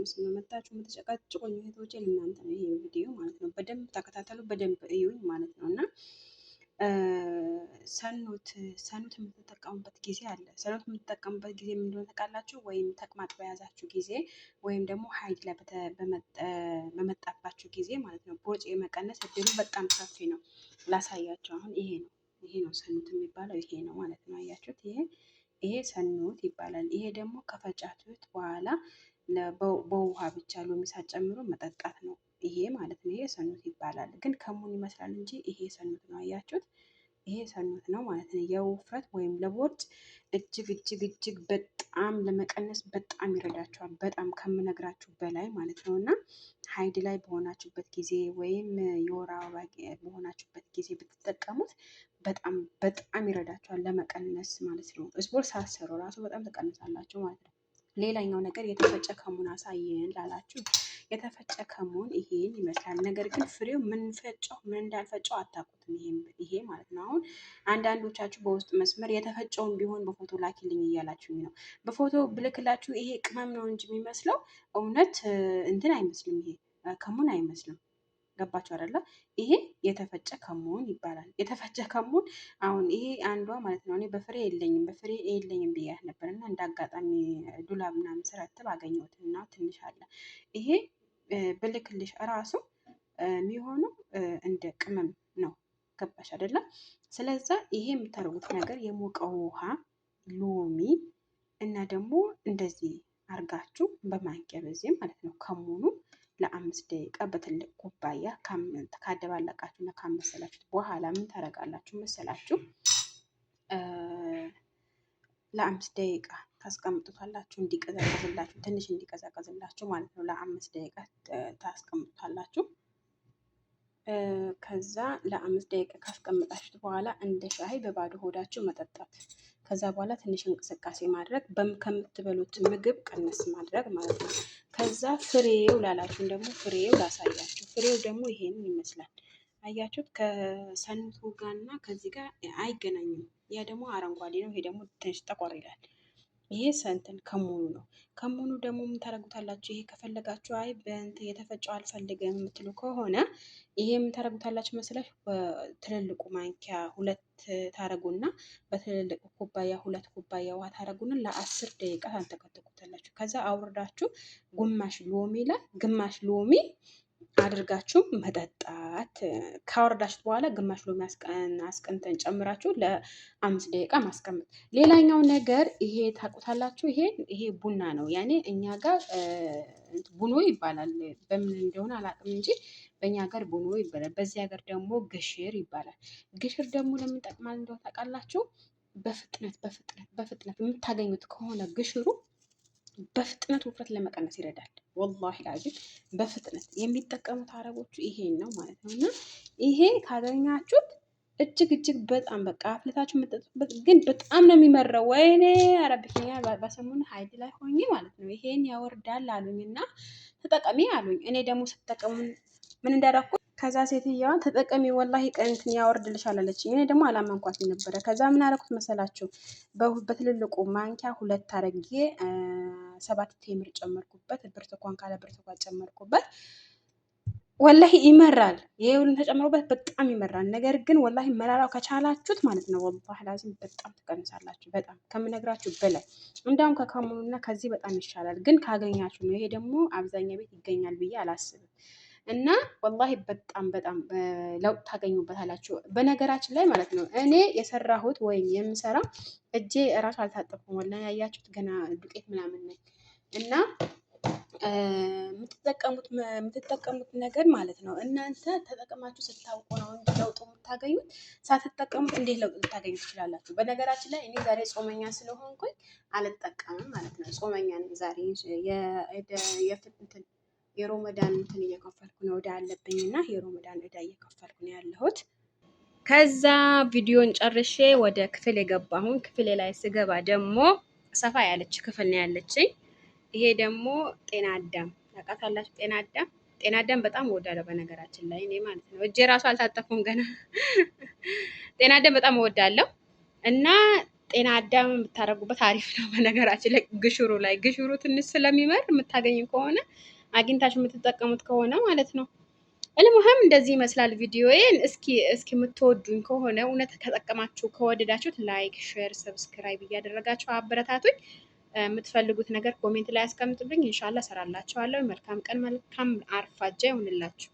ሁላችሁም ስለመጣችሁ የምትጨቃጭቁኝ እህቶቼ ለእናንተ ነው ይሄ ቪዲዮ ማለት ነው። በደንብ ተከታተሉ፣ በደንብ እዩኝ ማለት ነው እና ሰኖት ሰኖት የምትጠቀሙበት ጊዜ አለ። ሰኖት የምትጠቀሙበት ጊዜ ምን እንደሆነ ታውቃላችሁ? ወይም ተቅማጥ በያዛችሁ ጊዜ ወይም ደግሞ ሀይድ ላይ በመጣባችሁ ጊዜ ማለት ነው። ቦርጭ የመቀነስ እድሉ በጣም ሰፊ ነው። ላሳያችሁ። አሁን ይሄ ነው ይሄ ነው ሰኖት የሚባለው ይሄ ነው ማለት ነው። አያችሁት? ይሄ ይሄ ሰኖት ይባላል። ይሄ ደግሞ ከፈጫችሁት በኋላ በውሃ ብቻ ሎሚ ጨምሮ መጠጣት ነው። ይሄ ማለት ነው። ይሄ ሰኑት ይባላል። ግን ከሙን ይመስላል እንጂ ይሄ ሰኑት ነው። አያችሁት? ይሄ ሰኑት ነው ማለት ነው። የውፍረት ወይም ለቦርጭ እጅግ እጅግ እጅግ በጣም ለመቀነስ በጣም ይረዳችኋል። በጣም ከምነግራችሁ በላይ ማለት ነው። እና ሀይድ ላይ በሆናችሁበት ጊዜ ወይም የወር አበባ በሆናችሁበት ጊዜ ብትጠቀሙት በጣም በጣም ይረዳችኋል ለመቀነስ ማለት ነው። ስፖርት ሳትሰሩ ራሱ በጣም ትቀንሳላችሁ ማለት ነው። ሌላኛው ነገር የተፈጨ ከሙን አሳየን ላላችሁ የተፈጨ ከሙን ይሄን ይመስላል። ነገር ግን ፍሬው ምን ፈጨው ምን እንዳልፈጨው አታውቁትም። ይሄ ማለት ነው። አሁን አንዳንዶቻችሁ በውስጥ መስመር የተፈጨውን ቢሆን በፎቶ ላኪልኝ እያላችሁ ነው። በፎቶ ብልክላችሁ ይሄ ቅመም ነው እንጂ የሚመስለው እውነት እንትን አይመስልም። ይሄ ከሙን አይመስልም። ገባችሁ አይደለ? ይሄ የተፈጨ ከሙን ይባላል። የተፈጨ ከሙን አሁን ይሄ አንዷ ማለት ነው። እኔ በፍሬ የለኝም፣ በፍሬ የለኝም እንደ አጋጣሚ ዱላ ምናምን ስረትብ አገኘሁት እና ትንሽ አለ። ይሄ ብልክልሽ እራሱ የሚሆነው እንደ ቅመም ነው። ገባሽ አይደለም? ስለዛ ይሄ የምታደርጉት ነገር የሞቀው ውሃ፣ ሎሚ እና ደግሞ እንደዚህ አርጋችሁ በማንኪያ በዚህ ማለት ነው ከሙኑ ለአምስት ደቂቃ በትልቅ ኩባያ ካደባለቃችሁ እና ካመሰላችሁት በኋላ ምን ታደርጋላችሁ መሰላችሁ? ለአምስት ደቂቃ ታስቀምጡታላችሁ እንዲቀዘቀዝላችሁ ትንሽ እንዲቀዘቀዝላችሁ ማለት ነው። ለአምስት ደቂቃ ታስቀምጡታላችሁ። ከዛ ለአምስት ደቂቃ ካስቀምጣችሁት በኋላ እንደ ሻይ በባዶ ሆዳችሁ መጠጣት። ከዛ በኋላ ትንሽ እንቅስቃሴ ማድረግ ከምትበሉት ምግብ ቀነስ ማድረግ ማለት ነው። ከዛ ፍሬው ላላችሁን ደግሞ ፍሬው ላሳያችሁ። ፍሬው ደግሞ ይሄንን ይመስላል። አያችሁት? ከሰንቱ ጋር እና ከዚህ ጋር አይገናኝም። ያ ደግሞ አረንጓዴ ነው። ይሄ ደግሞ ትንሽ ጠቆር ይላል። ይሄ ሰንትን ከሙኑ ነው። ከሙኑ ደግሞ ምን ታደርጉታላችሁ? ይሄ ከፈለጋችሁ አይ በንት የተፈጨው አልፈልግም የምትሉ ከሆነ ይሄ ምን ታደርጉታላችሁ መሰላችሁ? በትልልቁ ማንኪያ ሁለት ታረጉና በትልልቁ ኩባያ ሁለት ኩባያ ውሃ ታረጉና ለአስር ደቂቃ ታንተከትኩታላችሁ። ከዛ አውርዳችሁ ግማሽ ሎሚ ላይ ግማሽ ሎሚ አድርጋችሁ መጠጣት። ካወረዳችሁት በኋላ ግማሽ ሎሚ አስቀምተን ጨምራችሁ ለአምስት ደቂቃ ማስቀመጥ። ሌላኛው ነገር ይሄ ታውቁታላችሁ፣ ይሄ ይሄ ቡና ነው። ያኔ እኛ ጋር ቡኖ ይባላል፣ በምን እንደሆነ አላውቅም እንጂ በእኛ ሀገር ቡኖ ይባላል። በዚህ ሀገር ደግሞ ግሽር ይባላል። ግሽር ደግሞ ለምን ጠቅማል እንደሆነ ታውቃላችሁ? በፍጥነት በፍጥነት በፍጥነት የምታገኙት ከሆነ ግሽሩ በፍጥነት ውፍረት ለመቀነስ ይረዳል። ወላሂ ላዚም በፍጥነት የሚጠቀሙት አረቦቹ ይሄን ነው ማለት ነው። እና ይሄ ካገኛችሁት እጅግ እጅግ በጣም በቃ አፍልታችሁ የምጠጡበት ግን በጣም ነው የሚመረው። ወይኔ አረብኛ በሰሙን ሀይድ ላይ ሆኜ ማለት ነው ይሄን ያወርዳል አሉኝ እና ተጠቀሚ አሉኝ። እኔ ደግሞ ስትጠቀሙ ምን እንዳደረኩ ከዛ ሴትዮዋን ተጠቀሚ ወላሂ ቀንትን ያወርድልሻል አለችኝ። እኔ ደግሞ አላመንኳት ነበረ። ከዛ ምን አደረኩት መሰላችሁ? በትልልቁ ማንኪያ ሁለት አረጌ ሰባት ቴምር ጨመርኩበት። ብርቱካን ካለ ብርቱካን ጨመርኩበት። ወላሂ ይመራል። ይሄ ሁሉ ተጨምሮበት በጣም ይመራል። ነገር ግን ወላሂ መራራው ከቻላችሁት ማለት ነው ወላሂ ላዚም በጣም ትቀንሳላችሁ። በጣም ከምነግራችሁ በላይ እንዳውም ከካሙኑና ከዚህ በጣም ይሻላል። ግን ካገኛችሁ ነው። ይሄ ደግሞ አብዛኛው ቤት ይገኛል ብዬ አላስብም። እና ወላሂ በጣም በጣም ለውጥ ታገኙበታላችሁ። በነገራችን ላይ ማለት ነው እኔ የሰራሁት ወይም የምሰራ እጄ እራሱ አልታጠፉም። ወላሂ ያያችሁት ገና ዱቄት ምናምን ነኝ እና የምትጠቀሙት ነገር ማለት ነው እናንተ ተጠቅማችሁ ስታውቁ ነው እንጂ ለውጡ የምታገኙት። ሳትጠቀሙት እንዴት ለውጥ ልታገኙ ትችላላችሁ? በነገራችን ላይ እኔ ዛሬ ጾመኛ ስለሆንኩኝ አልጠቀምም ማለት ነው። ጾመኛ ነኝ ዛሬ የሮመዳን እንትን እየከፈልኩ ነው እዳ አለብኝ እና የሮመዳን እዳ እየከፈልኩ ነው ያለሁት። ከዛ ቪዲዮን ጨርሼ ወደ ክፍል የገባሁን ክፍሌ ላይ ስገባ ደግሞ ሰፋ ያለች ክፍል ነው ያለችኝ። ይሄ ደግሞ ጤና አዳም ታውቃታላችሁ። ጤና አዳም ጤና አዳም በጣም እወዳለሁ በነገራችን ላይ እኔ ማለት ነው። እጄ ራሱ አልታጠፉም ገና። ጤና አዳም በጣም እወዳለሁ እና ጤና አዳም የምታደርጉበት አሪፍ ነው በነገራችን ላይ ግሽሩ ላይ ግሽሩ ትንሽ ስለሚመር የምታገኝ ከሆነ አግኝታችሁ የምትጠቀሙት ከሆነ ማለት ነው። እልሙሀም እንደዚህ ይመስላል ቪዲዮዬን። እስኪ እስኪ የምትወዱኝ ከሆነ እውነት ከጠቀማችሁ ከወደዳችሁት ላይክ፣ ሼር፣ ሰብስክራይብ እያደረጋችሁ አበረታቶች የምትፈልጉት ነገር ኮሜንት ላይ አስቀምጡልኝ። እንሻላ ሰራላችኋለሁ። መልካም ቀን፣ መልካም አርፋጃ ይሆንላችሁ።